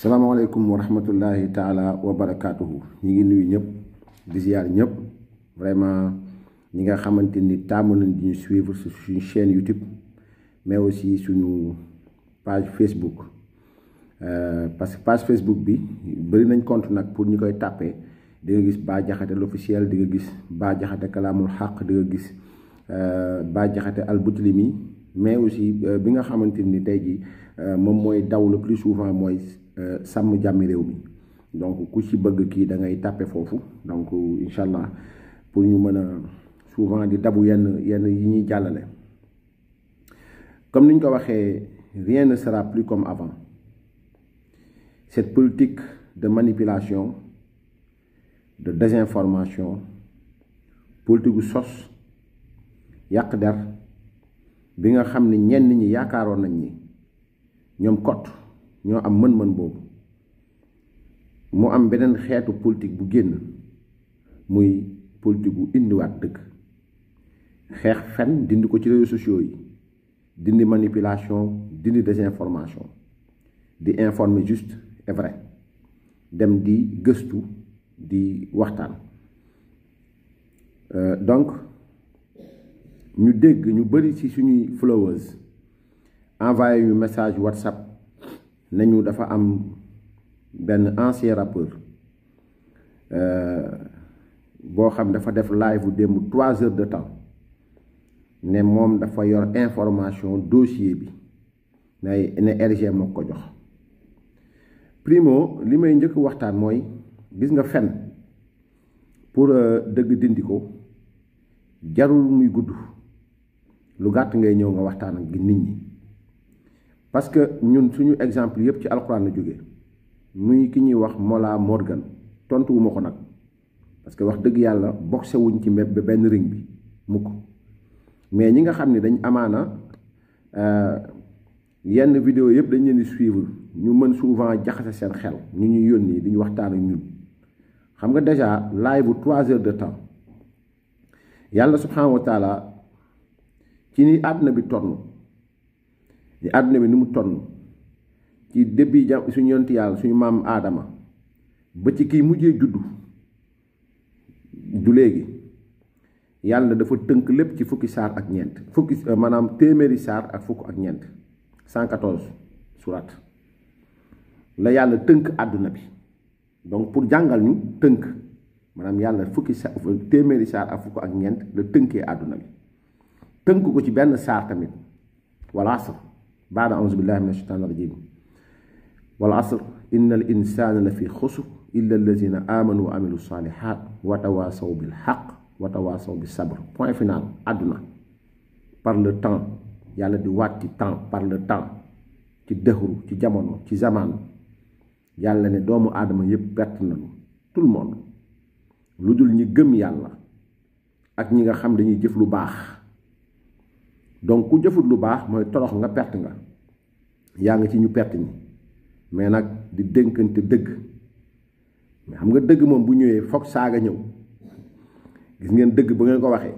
salaamaaleykum wa rahmatullahi taala wa barakaatuhu ñi ngi nuyu ñëpp di ziar ñëpp vraiment ñi nga xamante ni taamu nañ di ñu suivre su suñu chaîne YouTube mais aussi suñu page Facebook euh, parce que page Facebook bi bëri nañ compte nag pour ñu koy tàppee di nga gis Bah Diakhaté l'officiel di nga gis Bah Diakhaté kalaamul xaq di nga gis euh, Bah Diakhaté Albutlimi mais aussi euh, bi nga xamante ni tey ji euh, moom mooy daw le plus souvent mooy Euh, sàmm jàmmi réew mi donc ku ci bëgg kii da ngay tàppe foofu donc incha allah pour ñu mën a souvent di dabu yenn yenn yi ñuy jàllale comme ni ñu ko waxee rien ne sera plus comme avant cette politique de manipulation de désinformation politique gu sos yàq der bi nga xam ne ñenn ñi yaakaaroon nañ ni ñoom kot ñoo am mën-mën boobu mu am beneen xeetu politique bu génn muy politique bu indiwaat dëgg xeex fen dindi ko ci réseaux sociaux yi dindi manipulation dindi désinformation di informer juste et dem di gëstu di waxtaan euh, donc ñu dégg ñu bëri ci suñuy followers envoyé yu message whatsapp nañu dafa am benn ancien rappeur euh, boo xam dafa def live bu démb trois heures de temps ne moom dafa yor information dossier bi na ne RG moo ko jox primo li may njëkk waxtaan mooy gis nga fen pour euh, dëgg dindi ko jarul muy gudd lu gàtt ngay ñëw nga waxtaan ak nit ñi parce que ñun suñu exemple yépp ci alxuraan la jógee muy ki ñuy wax Mola Morgan tontu wu ko nag parce que wax dëgg yàlla boxe wuñ ci mbéb ba benn ring bi mukk mais ñi nga xam ni dañ amaana euh, yenn vidéo yëpp dañ leen di suivre ñu mën souvent jaxase seen xel ñu ñuy yónnee di ñu waxtaan ñun xam nga déjà live bu trois heures de temps yàlla subhanahu wa taala ci ni àdduna bi tonn ni àdduna bi ni mu tonn ci début ja suñu yonti yàlla suñu maam aadama ba ci kii mujjee juddu du léegi yàlla dafa tënk lépp ci fukki saar ak ñeent fukki euh, maanaam téeméeri saar ak fukk ak ñeent 114 surat la yàlla tënk àdduna bi donc pour jàngal ñu tënk maanaam yàlla fukki sa téeméeri saar ak fukk ak ñeent la tënkee àdduna bi tënk ko ci benn saar tamit wal asr baada auzu billahi mina shaytaani rajim wal asr inna al insana la fi xusr illa allazina amanu wa amilu salihat wa tawasaw bil xaq wa tawasaw bi sabr point final àdduna par le temps yàlla di waat ci temps par le temps ci dëxru ci jamono ci zamaan yàlla ne doomu aadama yépp perte nañu tout le monde lu dul ñi gëm yàlla ak ñi nga xam dañuy jëf lu baax donc ku jëfut lu baax mooy tolox nga perte nga yaa ngi ci ñu perte ñi mais nag di dénkante dëgg mais xam nga dëgg moom bu ñëwee foog saaga ñëw gis ngeen dëgg ba ngeen ko waxee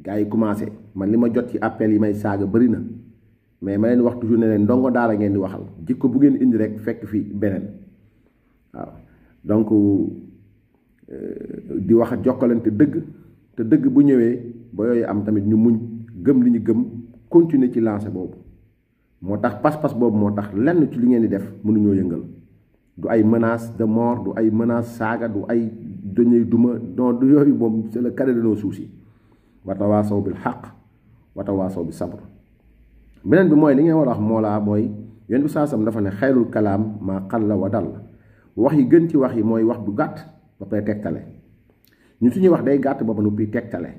gars yi commencé man li ma jot ci appel yi may saaga bëri na mais ma leen wax toujours ne leen ndongo daara ngeen di waxal jikko bu ngeen indi rek fekk fi beneen waaw donc euh, di wax jokkalante dëgg te dëgg bu ñëwee ba yooyu am tamit ñu muñ gëm li ñu gëm continuer ci lancé boobu moo tax pas-pas boobu moo tax lenn ci lu ngeen di def mënuñoo yëngal du ay menace de du ay menace saaga du ay dañuy duma don du yooyu moom c'est le cadet de nos soucis watawaasaw bil xaq watawaasaw bi sabr beneen bi mooy li ngeen war a wax moolaa mooy yéen bi saasam dafa ne xayrul kalaam maa la wa dal wax yi gën ci wax yi mooy wax du gàtt ba pare tegtale ñu ñuy wax day gàtt ba noppi tegtale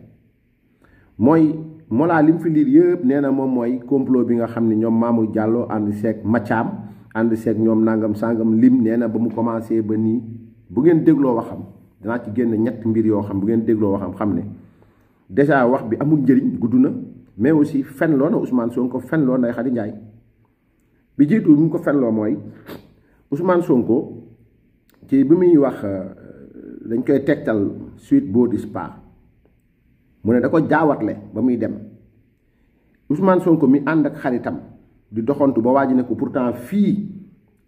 mooy Mollah li mu fi liir yëpp nee na moom mooy complot bi nga xam ne ñoom Mamour jàlloo ànd seek Mathiam ànd seek ñoom nangam sangam lim nee na ba mu commencé ba nii bu ngeen dégloo waxam danaa ci génn ñett mbir yoo xam bu ngeen dégloo waxam xam ne déjà wax bi amul njëriñ gudd na mais aussi fenloo na Ousmane Sonko fenloo Ndeye Khady Ndiaye bi jiitu bi mu ko fenloo mooy Ousmane Sonko ci bi muy wax euh, dañ koy tegtal suite boo di mu ne da ko jaawatle ba muy dem Ousmane Sonko mi ànd ak xaritam di doxantu ba waa ji ne ko pourtant fii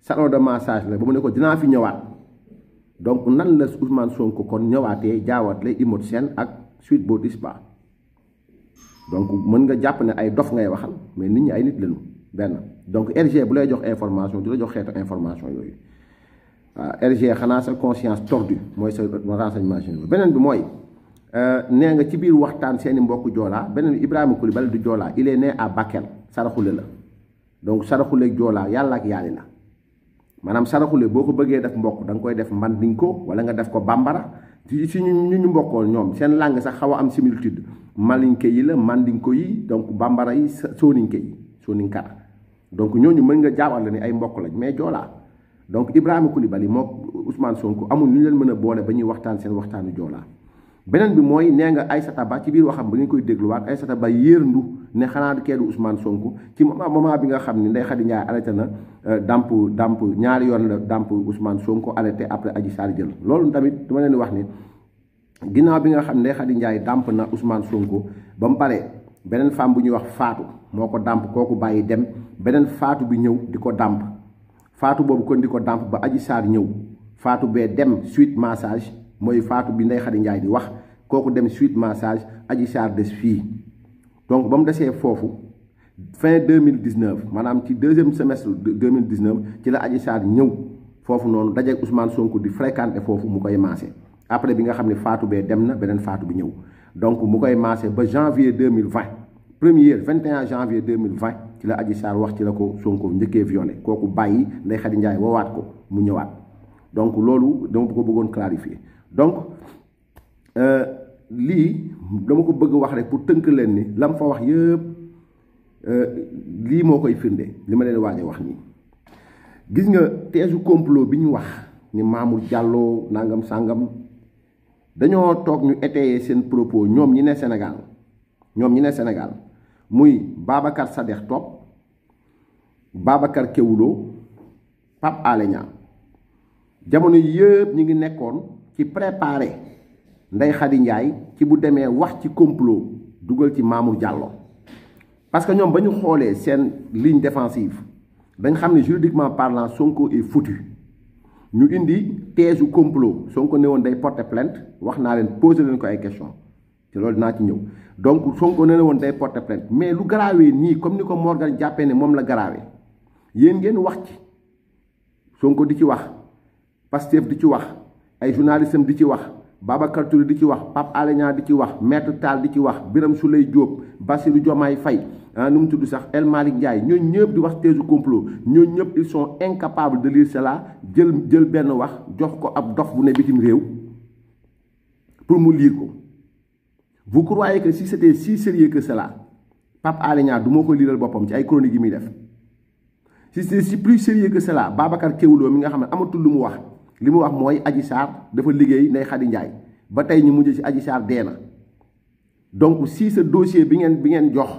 salon de massage la ba mu ne ko dinaa fi ñëwaat donc nan la Ousmane Sonko kon ñëwaatee jaawatle Imod seen ak Sweet Beauty ba donc mën nga jàpp ne ay dof ngay waxal mais nit ñi ay nit lañu benn donc RG bu lay jox information du la jox xeetu information yooyu waaw ah, RG xanaa sa conscience tordue mooy sa renseignement généraux beneen bi mooy. Euh, nee nga ci biir waxtaan seeni mbokk joolaa beneen Ibrahima Coulibaly du joolaa il est né à Bakel saraxule la donc saraxule joolaa yàlla ak yaali la maanaam saraxule boo ko bëggee def mbokk da nga koy def man niñ ko wala nga def ko bambara ci si ñu ñu mbokkoon ñoom seen langue sax xaw a am similitude malinke yi la mandinko yi donc bambara yi sooninke yi sooninkar donc ñooñu mën nga jaawal la ni ay mbokk lañ mais joolaa donc Ibrahima Coulibaly moo Ousmane Sonko amul ñu leen mën a boole ba ñuy waxtaan seen waxtaanu joolaa beneen bi mooy nee nga Aïssata Ba ci biir waxam ba ngeen koy dégluwaat Aïssata Ba yéerndu ne xanaa du keddu Ousmane Sonko ci moment moment bi nga xam ni Ndeye Khady Ndiaye arrêté na euh, damp dàmp ñaari yoon la dàmp Ousmane Sonko arrêté après Adji Sarr jël loolu tamit dama leen wax ni ginnaaw bi nga xam Ndeye Khady Ndiaye damp na Ousmane Sonko ba mu pare beneen femme bu ñuy wax faatu moo ko damp kooku bàyyi dem beneen faatu bi ñëw di ko damp faatu boobu kon di ko dàmp ba Adji Sarr ñëw faatu bee dem suite massage mooy faatu bi Ndeye Khady Ndiaye di wax kooku dem suite massage Adji Sarr des fii donc ba mu desee foofu fin 2019 maanaam ci deuxième semestre 2019 ci la Adji Sarr ñëw foofu noonu dajeeg Ousmane Sonko di fréquenté foofu mu koy maase après bi nga xam ne faatu bee dem na beneen faatu bi ñëw donc mu koy maase ba janvier 2020 premier 21 janvier 2020 ci la Adji Sarr wax ci la ko Sonko njëkkee violé kooku bàyyi Ndeye Khady Ndiaye woowaat ko mu ñëwaat donc loolu dama ko bëggoon clarifier donc euh, lii dama ko bëgg wax rek pour tënk leen ni lam fa wax yëpp euh, lii moo koy firnde li ma leen waaje wax nii gis nga teesu complot bi ñu wax ni Mamour jàlloo nangam sàngam dañoo toog ñu étayer seen propos ñoom ñi ne Sénégal ñoom ñi ne Sénégal muy Babacar Sadekh Top Babacar Kewulo Pape Alé Niang jamono yëpp ñu ngi nekkoon ci préparé nday Khady Ndiaye ci bu demee wax ci complot dugal ci Mamour jàlloo parce que ñoom ba ñu xoolee seen ligne défensive dañ xam ne juridiquement parlant Sonko est foutu ñu indi teesu complot Sonko ne woon day porter plainte wax naa leen poser leen ko ay question te loolu dinaa ci ñëw donc Sonko ne woon day porter plainte mais lu garaawee nii comme ni ko Morgan jàppee ne moom la garaawee yéen ngeen wax ci Sonko di ci wax. Pastef di ci wax ay journalistes di ci wax Babacar Touré di ci wax Pape Alé di ci wax Maître Tall di ci wax Birame Souleye Diop Bassirou Diomaye Faye fay ah, nu mu tudd sax El Malick ñooñ ñëpp di wax teesu complot ñooñu ñëpp ils sont incapables de lire cela jël jël benn wax jox ko ab dof bu ne bitim réew pour mu lire ko vous croyez que si c'était si sérieux que cela Pape Alé Niang du moo ko liiral boppam ci ay chroniques yi muy def si c'est si plus sérieux Babacar Kewulo mi nga xam ne amatul lu mu wax. li mu wax mooy aji Sarr dafa liggéey nday Khady Ndiaye ba tey ñu mujj ci Adji Sarr dee na donc si ce dossier bi ngeen bi ngeen jox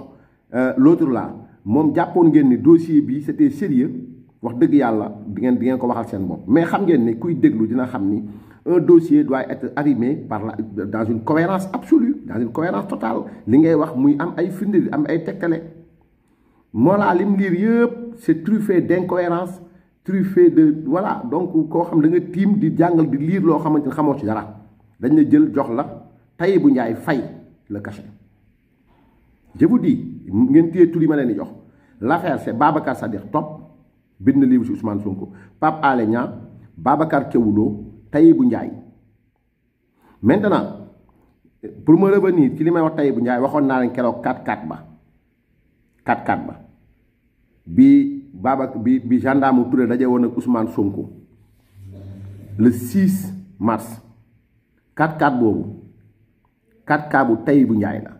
euh, l'autre là moom jàppoon ngeen ni dossier bi c'était sérieux wax dëgg yàlla di ngeen di ngeen ko waxal seen bopp mais xam ngeen ni kuy déglu dina xam ni un dossier doit être arrimé par la dans une cohérence absolue dans une cohérence totale li ngay wax muy am ay firnde am ay tegtale moo laa lim liir yëpp c'est truffé d'incohérence truffé de voilà donc koo xam da nga tiim di jàngal di liir loo xamante ne xamoo ci dara dañ la jël jox la tay bu njaay fay le cachet je vous ngeen téye tur ma leen di jox l'affaire c'est Babacar Sadikh Top bind na livre ci Ousmane Sonko Pape Alé Niang Babacar Kewulo Tahibou Ndiaye maintenant pour ma revenir ci li may wax bu njaay waxoon naa leen keroog 4-4 ba 4-4 ba bi Babac bi bi gendarme Touré daje woon ak usmaan Sonko le 6 mars 4-4 boobu 4-4 bu Taïbu Ndiaye la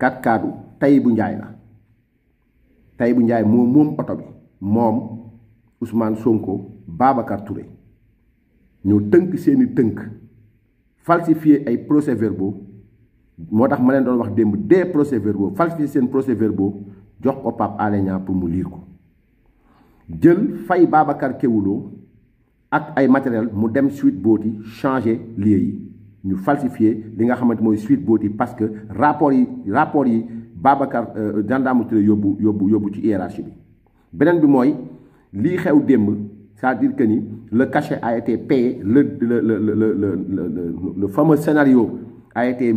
4-4 bu Taïbu Ndiaye la Taïbu Ndiaye moom moom oto bi moom Ousmane Sonko Babacar Touré ñoo tënk seeni tënk falsifier ay procès verbaux moo tax ma leen doon wax démb des procès verbaux falsifier seen procès verbaux jox ko Pape Alé pour mu liir ko jël fay Babacar Kewulo ak ay matériel mu dem Sweet yi changer lieu yi ñu falsifier li nga xamante mooy Sweet yi parce que rapport yi rapport yi Babacar euh, gendarme Touré yóbbu yóbbu yóbbu ci hiérarchie bi beneen bi mooy lii xew démb c'est-à-dire que ni le cachet a été payé le le le le le le le fameux scénario a été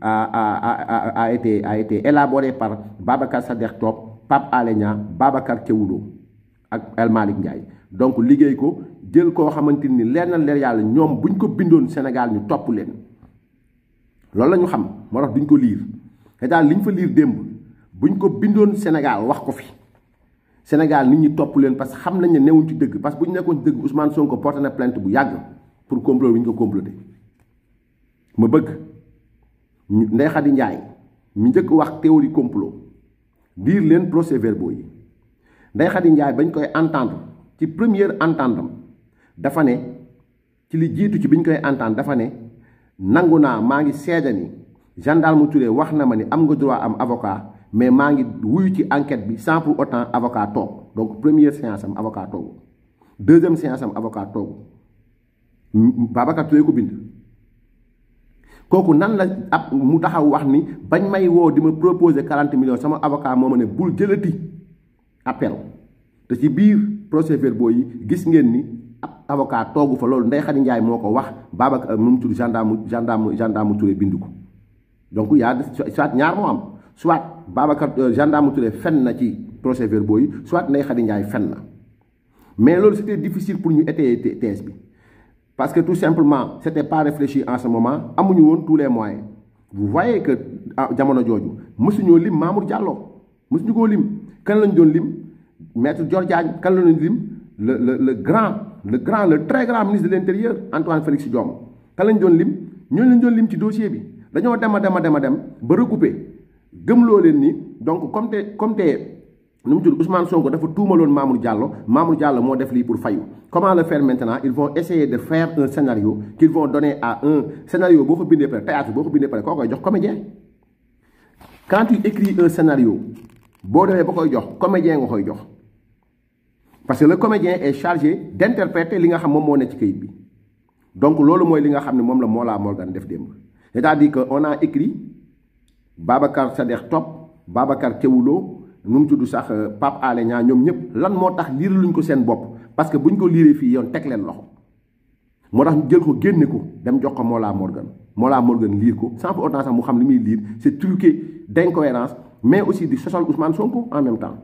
a, a, a, été, a été élaboré par Babacar Sadekh Top Pape Alé Niang Babacar Kewoulo ak El Malick Ndiaye donc liggéey ko jël koo xamante ni leer na leer yàlla ñoom buñ ko bindoon Sénégal ñu topp leen loolu la xam moo duñ ko liir te daal liñ fa liir démb buñ ko bindoon Sénégal wax ko fi Sénégal nit ñi topp leen parce que xam nañ ne newuñ ci dëgg parce que bu ñu nekkoon ci dëgg Ousmane Sonko porté na plainte bu yàgg pour complot bi ñu ko comploté ma bëgg. Ndeye Khady Ndiaye mi njëkk wax théorie complot diir leen procès verbaux yi Ndeye Khady Ndiaye bañ koy entendre ci première entendre dafa ne ci li jiitu ci biñ koy entendre dafa ne nangu naa maa ngi seede ni gendarme Touré wax na ma ni am nga droit am avocat mais maa ngi wuyu ci enquête bi sans pour autant avocat toog donc première séance am avocat toogu deuxième séance am avocat toogu Babacar Touré ko bind kooku nan la ab mu taxaw wax ni bañ may woo di ma proposer quarante millions sama avocat moo ma ne bul jëlati appel te ci biir procès verbaux yi gis ngeen ni ab avocat toogu fa loolu ndey Khady Ndiaye moo ko wax Babacar euh, mu tudd gendarme gendarme gendarme Touré bindu ko donc yaa soit ñaar moo am soit Babacar euh, gendarme ture fen na ci procès verbaux yi soit Ndeye Khady Ndiaye fen na mais loolu c'était difficile pour ñu te thèse bi parce que tout simplement c'était pas réfléchi en ce moment amuñu woon tous les moyens vous voyez a ah, jamono jooju mësuñoo lim Mamour Diallo mësuñu koo lim kan lañ doon lim maître Dior Diagne kan lañ lim le le le grand le grand le très grand ministre de l'intérieur Antoine Félix Diome kan lañ doon lim ñooñu lañ doon lim ci dossier bi dañoo dem a dem a dem a dem ba recouper gëmloo leen nii donc comme te nu mu tudd Ousmane Sonko dafa tuumaloon Mamour Diallo Mamour Diallo moo def lii pour fayu comment le faire maintenant ils vont essayer de faire un scénario qu'ils vont donner à un scénario boo ko bindee pare théâtre boo ko bindee pare koo koy jox comédien quand écris un scénario boo demee ba koy jox comédien nga koy jox parce que le comédien est chargé d'interpréter li nga xam moom moo ne ci kayit bi donc loolu mooy li nga xam ne moom la moo Mollah Morgan def démb cest à que on a écrit Babacar Sadekh Top nu mu tudd sax euh, Pape Alé Niang ñoom ñëpp lan moo tax liir luñ ko seen bopp parce que buñ ko liiree fii yoon teg leen loxo moo tax jël ko génne ko dem jox ko moo laa Morgan Mollah Morgan liir ko sans pour autant sax mu xam li muy liir c'est truqué d'incohérence mais aussi di sosal Ousmane Sonko en même temps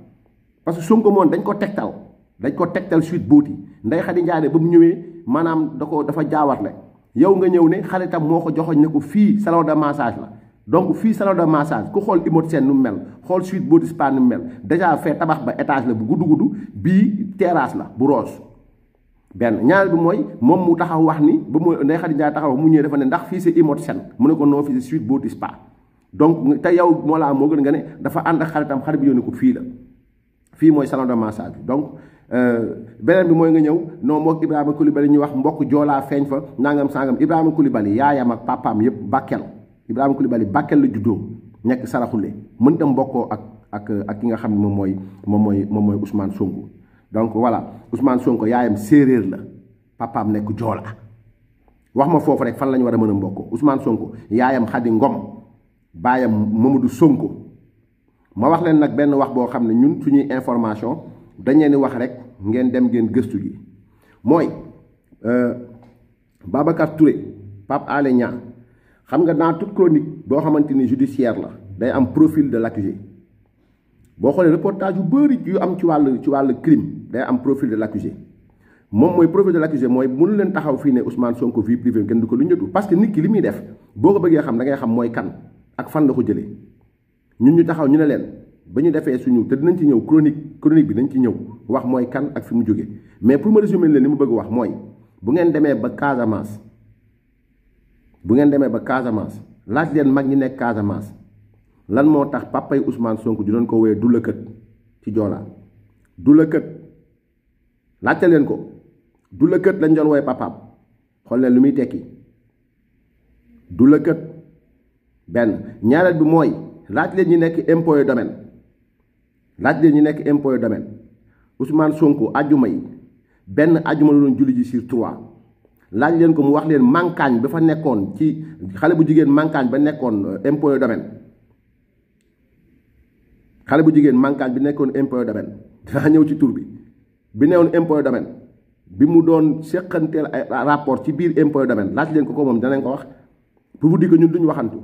parce que Sonko moom dañ ko tegtal dañ ko tegtal suite booti nday Xadi Njaay ba mu ñëwee maanaam da ko dafa jaawatle yow nga ñëw ne xaritam moo ko joxoñ ne ko fii salon de donc fii salon de massage ku xool Imod Sène nu mel xool suite body spa nu mel déjà fee tabax ba étage la bu gudd gudd bii terrasse la bu rose benn ñaareel bi mooy moom mu taxaw wax ni ba mu Ndeye Khady Ndiaye taxaw mu ñëwee dafa ne ndax fii c'est Imod sen mu ne ko non fii c'est suite body spa donc te yow moo laa moo gën nga ne dafa ànd ak xaritam xarit bi yónni ko fii la fii mooy salon de massage bi donc euh, beneen bi mooy nga ñëw noo mook Ibrahima Coulibaly ñuy wax mbokk joolaa feeñ fa nangam sangam Ibrahima Coulibaly yaayam ak papaam yëpp Bakel Ibrahima Koulibaly Bakel la juddoo nekk Saraxule mën dem mbokkoo ak ak ak ki nga xam ne moom mooy moom mooy moom mooy Ousmane Sonko donc voilà Ousmane Sonko yaayam séeréer la papaam nekk Joola wax ma foofu rek fan la ñu war a mën a mbokkoo usmaan Sonko yaayam Xadi Ngom baayam Mamadou Sonko ma wax leen nag benn wax boo xam ne ñun suñuy information dañ leen wax rek ngeen dem ngeen gëstu gi mooy euh, Babacar Touré Pape Alé Niang xam nga dans toute chronique boo xamante ni judiciaire la day am profil de l'accusé boo xoolee reportage yu bëri yu am ci wàll ci wàll crime day am profil de l'accusé moom mooy profil de l'accusé mooy munu leen taxaw fii ne Ousmane Sonko vie privée kenn du ko lu njëtu parce que nit ki li muy def boo ko bëggee xam da ngay xam mooy kan ak fan la ko jëlee ñun ñu taxaw ñu ne leen ba ñu defee suñu te dinañ ci ñëw chronique chronique bi dañ ci ñëw wax mooy kan ak fi mu jógee mais pour ma résumer leen mu bëgg wax mooy bu ngeen demee ba Casamance. bu ngeen demee ba Casamance laaj leen mag ñi nekk Casamance lan moo tax papay Ousmane Sonko di doon ko woowee dulakët ci Joola dulakët laajte leen ko du dulakët lañ doon woowee papaam xool leen lu muy tekki du dulakët benn ñaareel bi mooy laaj leen ñi nekk impôt et domaine laaj leen ñi nekk impôt et domaine Ousmane Sonko ajuma yi benn ajuma la doon julli ji sur trois laaj leen ko mu wax leen mankaañ ba fa nekkoon ci xale bu jigéen mankaañ ba nekkoon euh, impôt domaine xale bu jigéen mankaañ bi nekkoon impôt domaine dinaa ñëw ci tur bi bi newoon impôt domaine bi mu doon seqanteel ay rapport ci biir impôt domaine laaj leen ko ko moom danañ ko wax pour vous dire que ñun duñu waxantu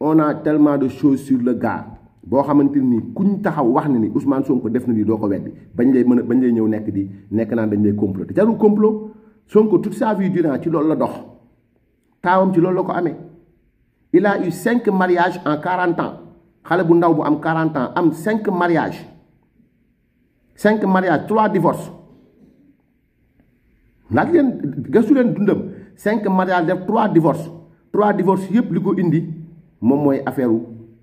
on a tellement de choses sur le gars boo xamante ni kuñ taxaw wax na ni soo ko def na ni doo ko weddi bañ lay mën bañ lay ñëw nekk di nekk naan dañ lay complot te jarul Sonko toute sa vie durant ci loolu la dox taawam ci loolu la ko amee il a eu cinq mariages en quarante ans xale bu ndaw bu am quarante ans am cinq mariages cinq mariages trois divorces laaj leen gëstu leen dundam cinq mariages def trois divorces trois divorces yépp li ko indi moom mooy affaire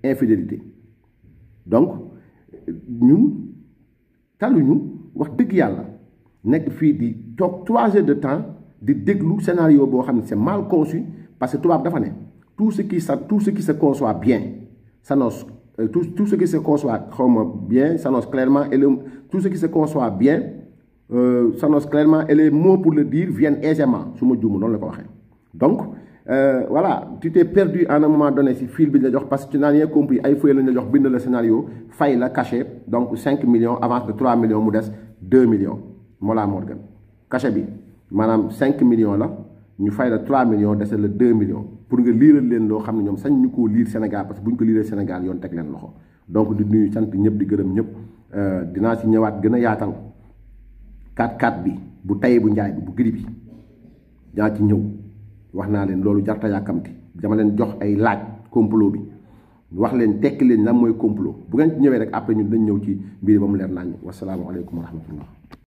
infidélité donc ñun taluñu wax dëgg yàlla nekk fii di. toog trois heures de temps di déglu scénario boo xam ne c'est mal conçu parce que tubaab dafa ne tout ce kii sa tout ce qui se conçoit bien s'annonce euh, tout tout ce qui se conçoit xawma bien s'annonce clairement et le tout ce qui se conçoit bien euh, s'annonce clairement et pour le dire viennent aisément su ma juumu noonu la ko waxee donc euh, voilà tu t'es perdu à un moment donné si fil bi ñu parce que tu n'as rien compris ay feuille lañu la jox bind la scénario fay la cachet donc mu des 2 millions Mollah Morgun cachet bi maanaam cinq millions la ñu fay la 3 millions dese la 2 millions pour nga liiral leen loo xam ne ñoom sañ ñu koo liir Sénégal parce que bu ñu ko liiral Sénégal yoon teg leen loxo donc di nuyu sant ñëpp di gërëm ñëpp euh, dinaa ci ñëwaat gën a yaatal 4-4 bi bu tay bu njaay bi bu giri bi dinaa ci ñëw wax naa leen loolu jarta yàkkamti dama leen jox ay laaj complot bi wax leen tekki leen lan mooy complot bu ngeen ñëwee rek après ñun dañ ñëw ci mbir ba leer naa ñu wasalaamaaleykum